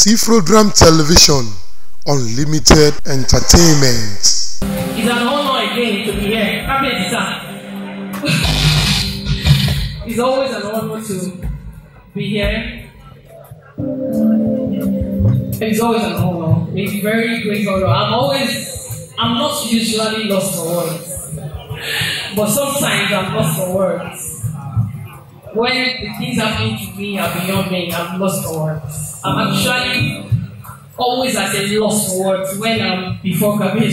Cifrodram Television, unlimited entertainment. It's an honor again to be here. Happy sir. it's always an honor to be here. It's always an honor. It's very great honor. I'm always, I'm not usually lost for words, but sometimes I'm lost for words when the things happening to me are beyond me, I'm lost for words. I'm actually always at a loss for words when I'm before Kabir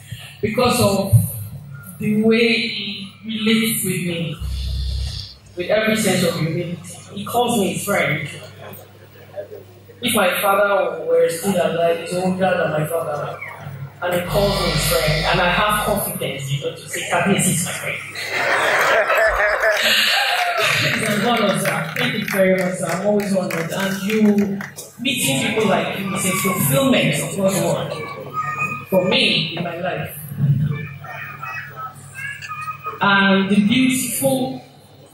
because of the way he relates with me, with every sense of humility. He calls me friend. If my father were still alive, he's older than my father. And he calls me friend, and I have confidence, you know, to say Kabir is my friend. He's one of sir. Thank you very much, I'm always honored. And you meeting people like you is a fulfillment of God's word for me in my life. And the beautiful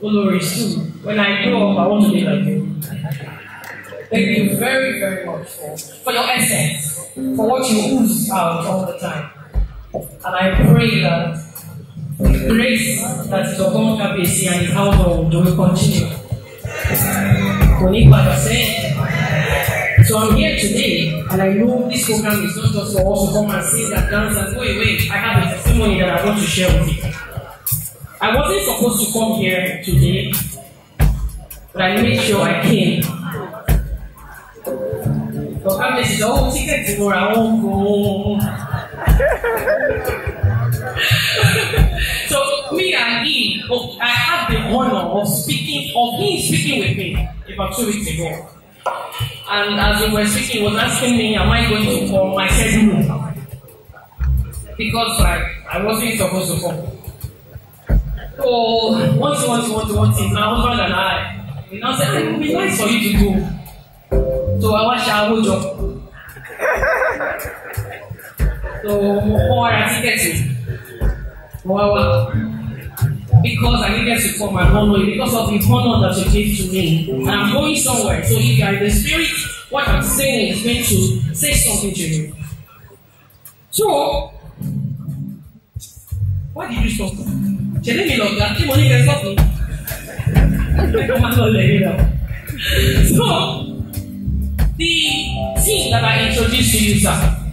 glory too. When I grow up, I want to be like you. Thank you very, very much for, for your essence, for what you ooze out all the time. And I pray that the grace that is upon KBC and how long do we continue? We need by So I'm here today, and I know this program is not just for us to come and sing and dance and go away. I have a testimony that I want to share with you. I wasn't supposed to come here today, but I made sure I came. So I'm missing the whole ticket tomorrow. I won't go. me and he, I had the honor of speaking, of him speaking with me about two weeks ago. And as we were speaking, he was asking me, Am I going to call? I said, No. Because I, I wasn't supposed to call. So, once, once, once, once, my husband and I, we now said, It would be nice for you to go. So, I was shower job. So, more kọ́ ara tíkẹ́ẹ̀tì, mo wá wá because I needed to come my honor you because of the honor that you gave to me. And I'm going somewhere. So if you are in the spirit, what I'm saying is meant to say something to you. So, why did you stop? Ṣé lè mi lọ gba kí mo stop mi? Ẹ̀kọ́ máa lọ lẹ́yìn lọ. So, the thing that I introduced to you, sir.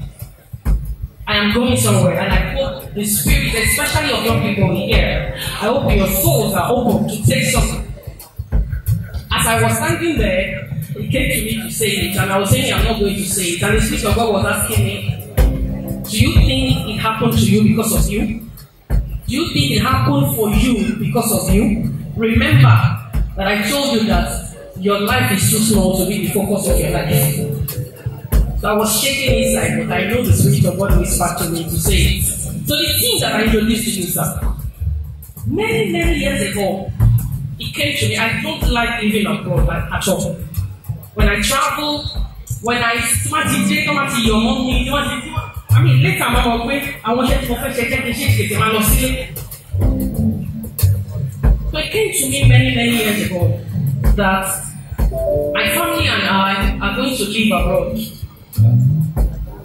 I'm going somewhere, and I hope the spirit, especially of young people here, I hope your souls are open to take something. As I was standing there, it came to me to say it, and I was saying I'm not going to say it, and the Spirit of God was asking me, Do you think it happened to you because of you? Do you think it happened for you because of you? Remember that I told you that your life is too small to be the focus of your life. That was shaking inside, but I know the Spirit of God whispered me to say So the thing that I introduced to you, sir, many, many years ago, it came to me. I don't like living abroad at all. When I travel, when I smart it, come to your mom, you want to I mean, later I'm on way, I want you to confess, check, it, check, check, see. So it came to me many, many years ago that my family and I are going to live abroad.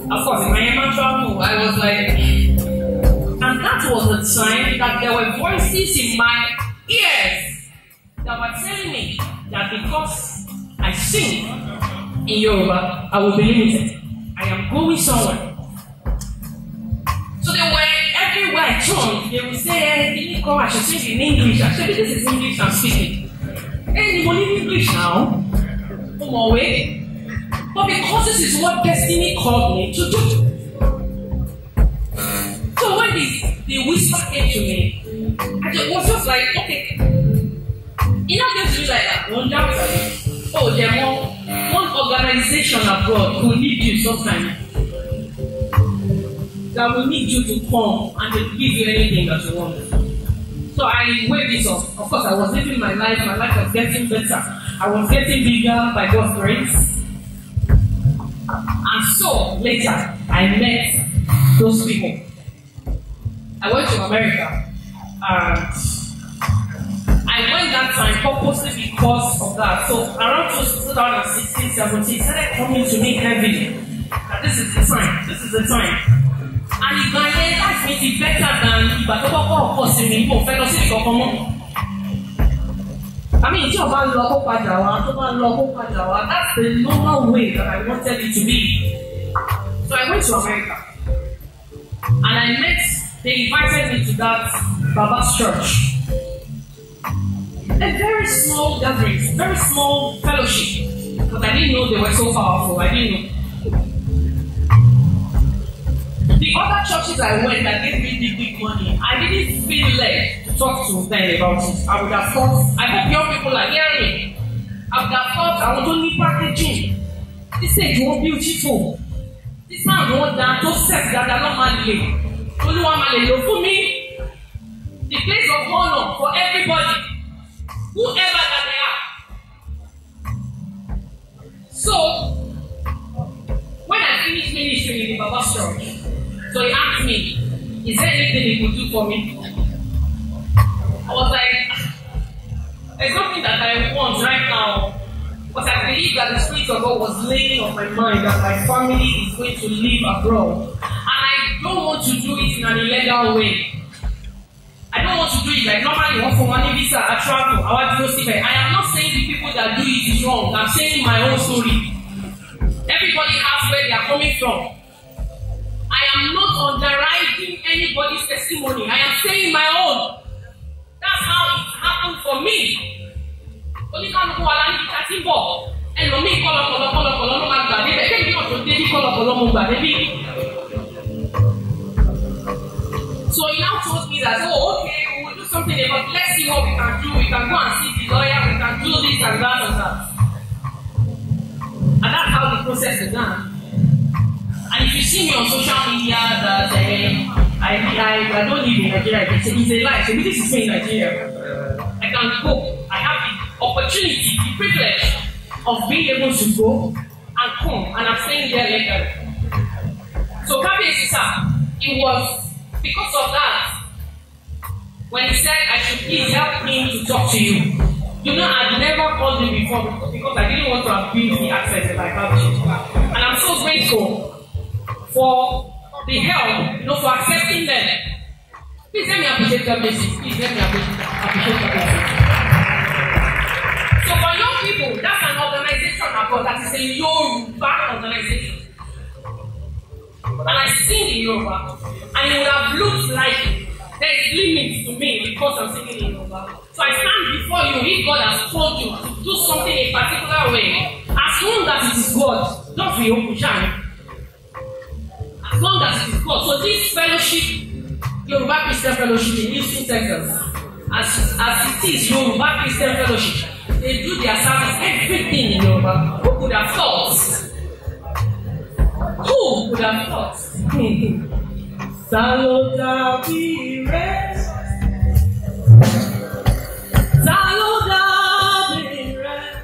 Of course, in Myanmar travel, I was like, and that was the time that there were voices in my ears that were telling me that because I sing in Yoruba, I will be limited. I am going somewhere. So they were everywhere I they would say, hey, you come, I should sing in English. Actually, this is English I'm speaking. Hey, you will English now? Come away. But because this is what destiny called me to do. So when the, the whisper came to me, I just was just like, okay. It now came to me like that. Wonder oh, there are more, one organization abroad who need you sometime. That will need you to come and they give you anything that you want. So I weighed this off. Of course, I was living my life. My life was getting better. I was getting bigger by God's grace. And so later, I met those people. I went to America and I went that time purposely because of that. So around 2016, 17, started coming to me heavily. That this is the time, this is the time. And ìgbà yẹn láti mi ti better than ìgbà tó kọ́kọ́ ọ̀pọ̀ sí mi, mo fẹ́ lọ sí ìkọ̀kọ̀ I mean, tí o bá lọ kó padà wá, tó bá lọ kó padà wá, that's the normal way that I wanted it to be. So I went to America and I met, they invited me to that Baba's church. A very small gathering, very small fellowship, but I didn't know they were so powerful, I didn't know. The other churches I went that gave me big, big money, I didn't feel led talk to them about it I would have thought I hope young people are hearing me I would have thought àwọn tó ní packaging this age wọn beautiful this man wọn da tó set dada lọ máa lè olúwa máa lè lò fún mi the place of honor for everybody whoever that they are so when I finish ministry in the Baba church so he asked me is there anything he could do for me. that the Spirit of God was laying on my mind that my family is going to live abroad. And I don't want to do it in an illegal way. I don't want to do it like normally want for money visa, I travel, I want to go I am not saying the people that do it is wrong. I'm saying my own story. Everybody has where they are coming from. I am not underwriting anybody's testimony. I am saying my own. That's how it happened for me. Only wa la níbi tá a ti ẹlòmíì kọlọkọlọ kọlọkọlọ ló máa gbà débẹ̀ kéèké náà tó débi kọlọkọlọ mo gbà débi. So he now told me that oh okay we will do something about let's see what we can do we can go and see the lawyer we can do this and that and that. And that's how the process began. And if you see me on social media that uh, I, I, I don't live in Nigeria, it's a, it's a lie. So this is me in Nigeria. I can cope. I have the opportunity, the privilege of being able to go and come, and I'm staying there later. So Kabiyesisa, it was because of that when he said I should please help me to talk to you. You know, I've never called him before because I didn't want to abuse the access that I had. And I'm so grateful for the help, you know, for accepting them. Please let me appreciate your message. Please let me appreciate your message people, that's an organization abroad that is a Yoruba organization. And I sing in Yoruba, and it would have looked like there is limits to me because I'm singing in Yoruba. So I stand before you if God has told you to do something in a particular way. As long as it is God, don't be open shine. As long as it is God. So this fellowship, Yoruba Christian Fellowship in Houston, Texas, as, as it is Yoruba Christian Fellowship, They do their service, everything in Yoruba. Who could have thought? Who could have thought? Salo dàbí rẹ̀. Salo dàbí rẹ̀.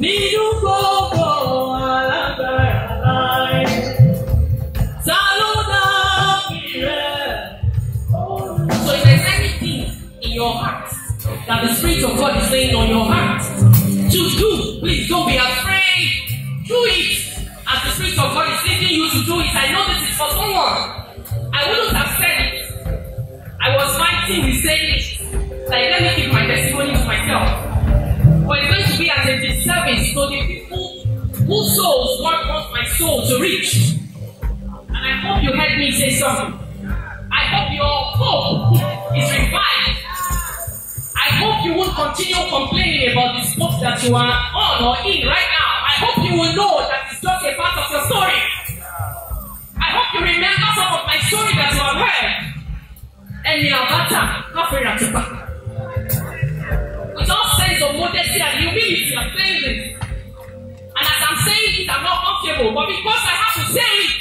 Nínú gbòòrò. that the Spirit of God is laying on your heart to do. Please don't be afraid. Do it as the Spirit of God is leading you to do it. I know this is for someone. I wouldn't have said it. I was fighting with saying it. Like, let me keep my testimony to myself. But it's going to be as a disservice to the people whose souls God wants my soul to reach. And I hope you heard me say something. I hope your hope is revived you won't continue complaining about the sport that you are on or in right now. I hope you will know that it's just a part of your story. I hope you remember some of my story that you have heard. Ẹni àbáta káfíńrà ti pa. With all sense of modesty and humility, I'm saying this. And as I'm saying it, I'm not comfortable, but because I have to say it,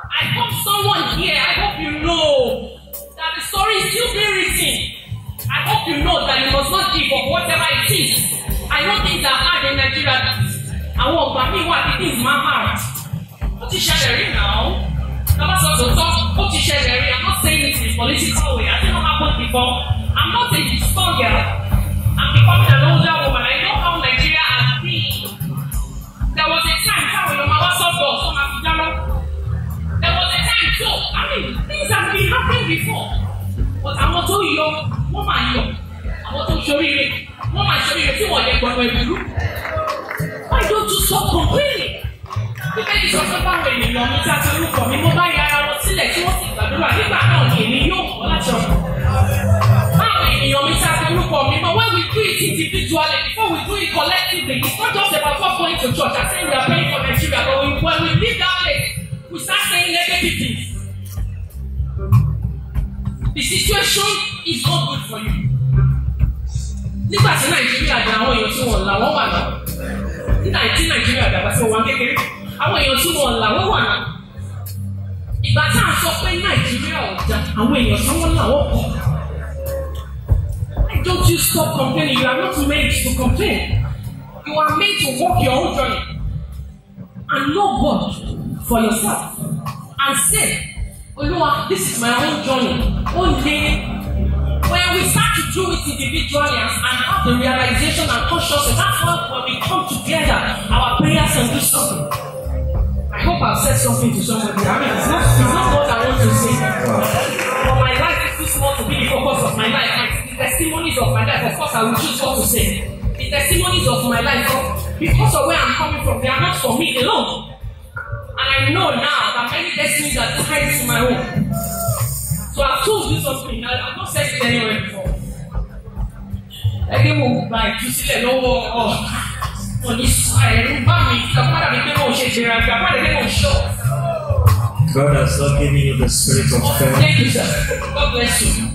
I hope someone here, I hope you know that the story is still being things I know things are hard in Nigeria that àwọn ọ̀gbà mi wà ní things máa hard ó ti ṣẹlẹ̀ rí náà lọ́wọ́ sọ tòótọ́ ó ti ṣẹlẹ̀ rí I'm not saying it in political way I think it happened before I'm not a strong girl I'm becoming an older woman I know how Nigeria has been there was a time táwọn èèyàn máa wá sọ́dọ̀ tó máa fi dáná there was a time so I mean things have been happening before but àwọn tó yọ wọ́n máa yọ àwọn tó ṣoríire wọ́n máa ṣe bíi tí yẹ gbọ́dọ̀ ìlú. Why don't you stop complaining? Bíbélì sọ pé báwo ènìyàn mi ta ti orúkọ mi mo bá ya ara wọn sílẹ̀ tí wọ́n sì gbàdúrà nígbà náà ni èmi yóò kọ́ láti ọ̀pọ̀. when we do individually before we do it collectively it's not just about going to church and saying we are praying for Nigeria but when we leave that place we start saying negative things. The situation is not good for you nígbà tí nàìjíríà dá àwọn èèyàn tí wọ́n là wọ́n wà náà tí nàìjíríà dàgbà tí wọ́n kékeré àwọn èèyàn tí wọ́n là wọ́n wà náà ìgbà tá à sọ pé nàìjíríà ọ̀dà àwọn èèyàn tí wọ́n là wọ́n kọ̀ don't you stop complaining you are not made to complain you are made to walk your own journey and know God for yourself and say Olúwa this is my own journey own day when we start to do it individually and the realization and consciousness. That's why when we come together, our prayers can do something. I hope I've said something to somebody. I mean, it's not, it's not what I want to say. But my life is too small to be the focus of my life. And the testimonies of my life, of course, I will choose what to say. The testimonies of my life, oh, because of where I'm coming from, they are not for me alone. And I know now that many destinies are tied to my own. So I've told you something. I've not said it anywhere before ẹgbẹ́ wo gba ìtúsílẹ̀ lọ́wọ́ ọ̀ wọn ní ẹ̀rú bá mi kàpàdà mi pé wọn ṣe jẹrà kàpàdà mi pé wọn ò God has not given you the spirit of fear. Thank you, sir. God bless you.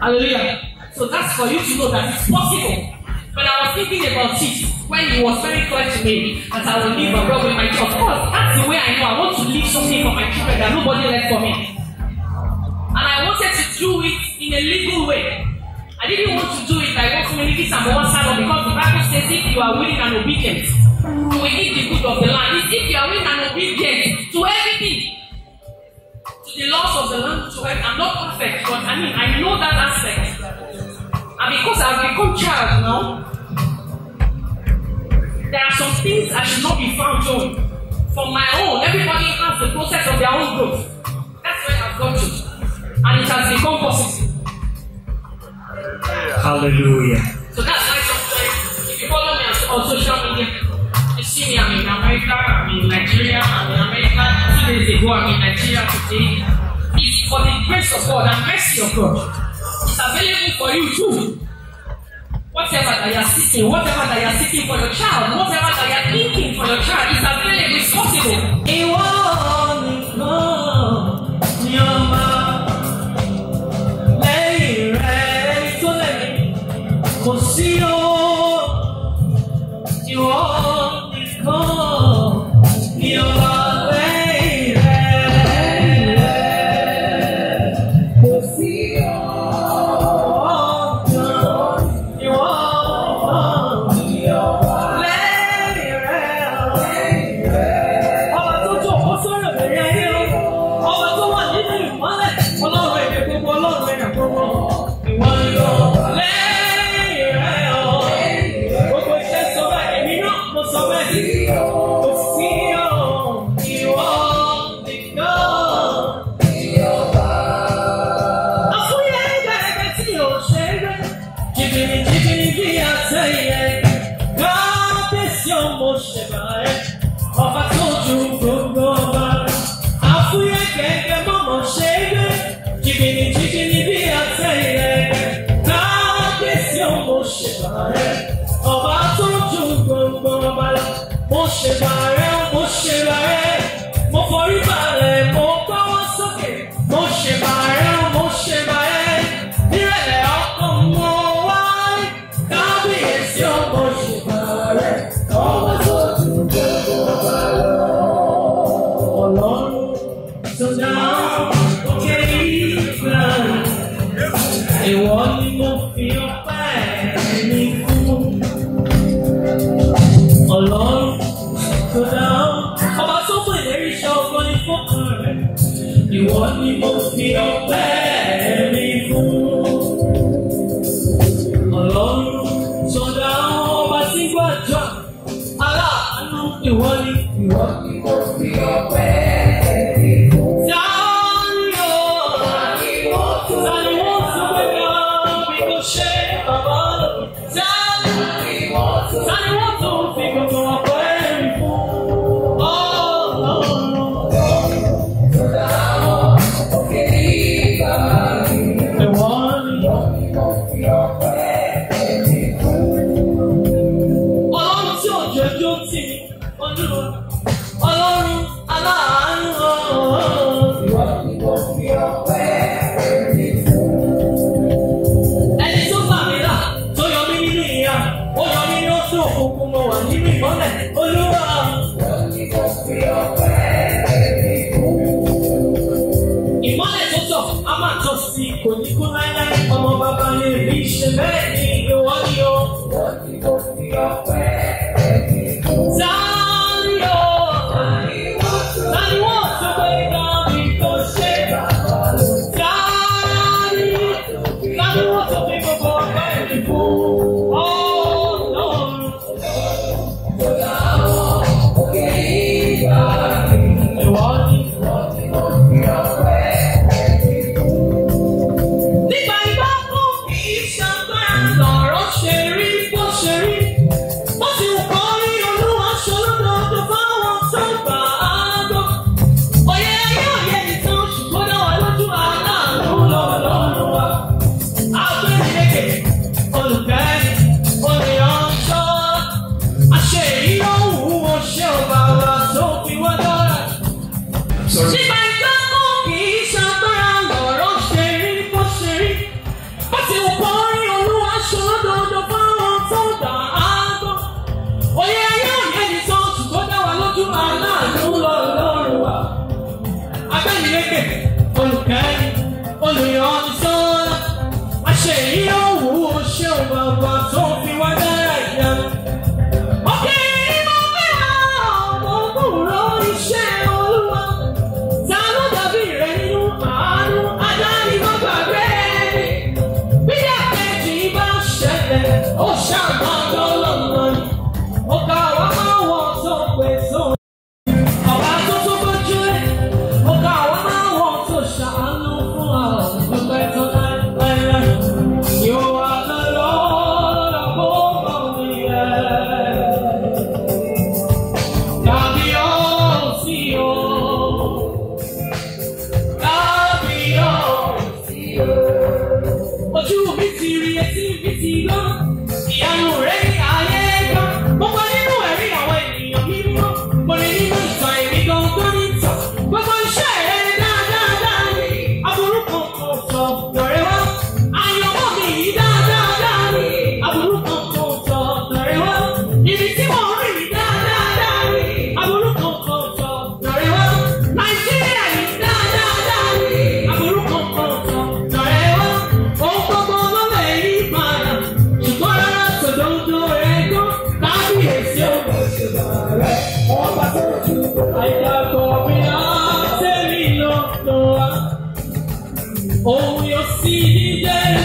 Hallelujah. So that's for you to know that it's possible. But I was thinking about it when he was very clear to me that I will live abroad with my children. Of course, that's the way I know I want to leave something for my children that nobody left for me. And I wanted to do it in a legal way. I didn't want to do it by what communities some more salad because the Bible says if you are willing and obedient, you will eat the good of the land. It's if you are willing and obedient to everything, to the laws of the land, to everything. I'm not perfect, but I mean, I know that aspect. And because I've become child now, there are some things I should not be found on. For my own, everybody has the process of their own growth. That's where I've got to. And it has become possible. Hallelujah. So that's why sometimes if you follow me on, social media, you see me, I'm in America, I'm in Nigeria, I'm in America. Two days ago, I'm in Nigeria today. It's for the grace of God and mercy of God. It's available for you too. Whatever that you're seeking, whatever that you're seeking for your child, whatever that you're thinking for your child, it's available, it's possible. Hey, whoa. Oh. ọba tó ju gbogbo ọba lọ mo ṣe máa.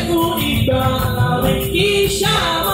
Kung ikaw ay kisya